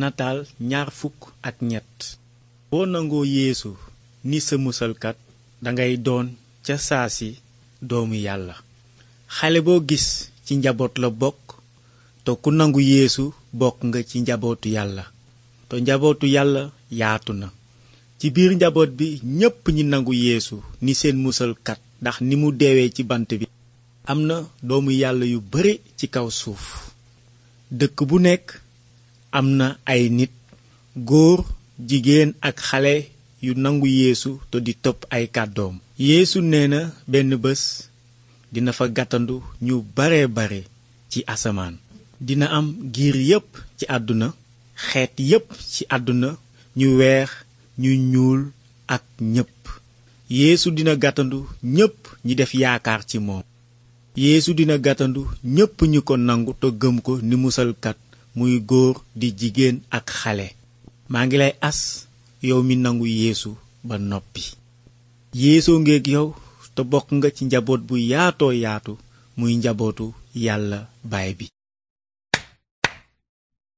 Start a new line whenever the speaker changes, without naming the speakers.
nataal ñaar fukk ak ñett boo nangoo yéesu ni sa musalkat dangay doon ca saasi doomu yàlla xale boo gis ci njaboot la bokk te ku nangu yéesu bokk nga ci njabootu yàlla te njabootu yàlla yaatu na ci biir njaboot bi ñépp ñi nangu yéesu ni seen musalkat ndax ni mu deewee ci bant bi am na doomu yàlla yu bare ci kaw suuf dëkk bu nekk am na ay nit góor jigéen ak xale yu nangu yéesu te di topp ay kàddoom yéesu nee na benn bés dina fa gàttandu ñu bare bare ci asamaan dina am giir yépp ci àdduna xeet yépp ci àdduna ñu weex ñu ñuul ak ñépp yeesu dina gàttandu ñépp ñi def yaakaar ci moom yéesu dina gàttandu ñépp ñu ko nangu te gëm ko ni musalkat muy góor di jigéen ak xale maa ngi lay as yow mi nangu yéesu ba noppi yéesoo ngeeg yow te bokk nga ci njaboot bu yaatoo yaatu muy njabootu yàlla baay bi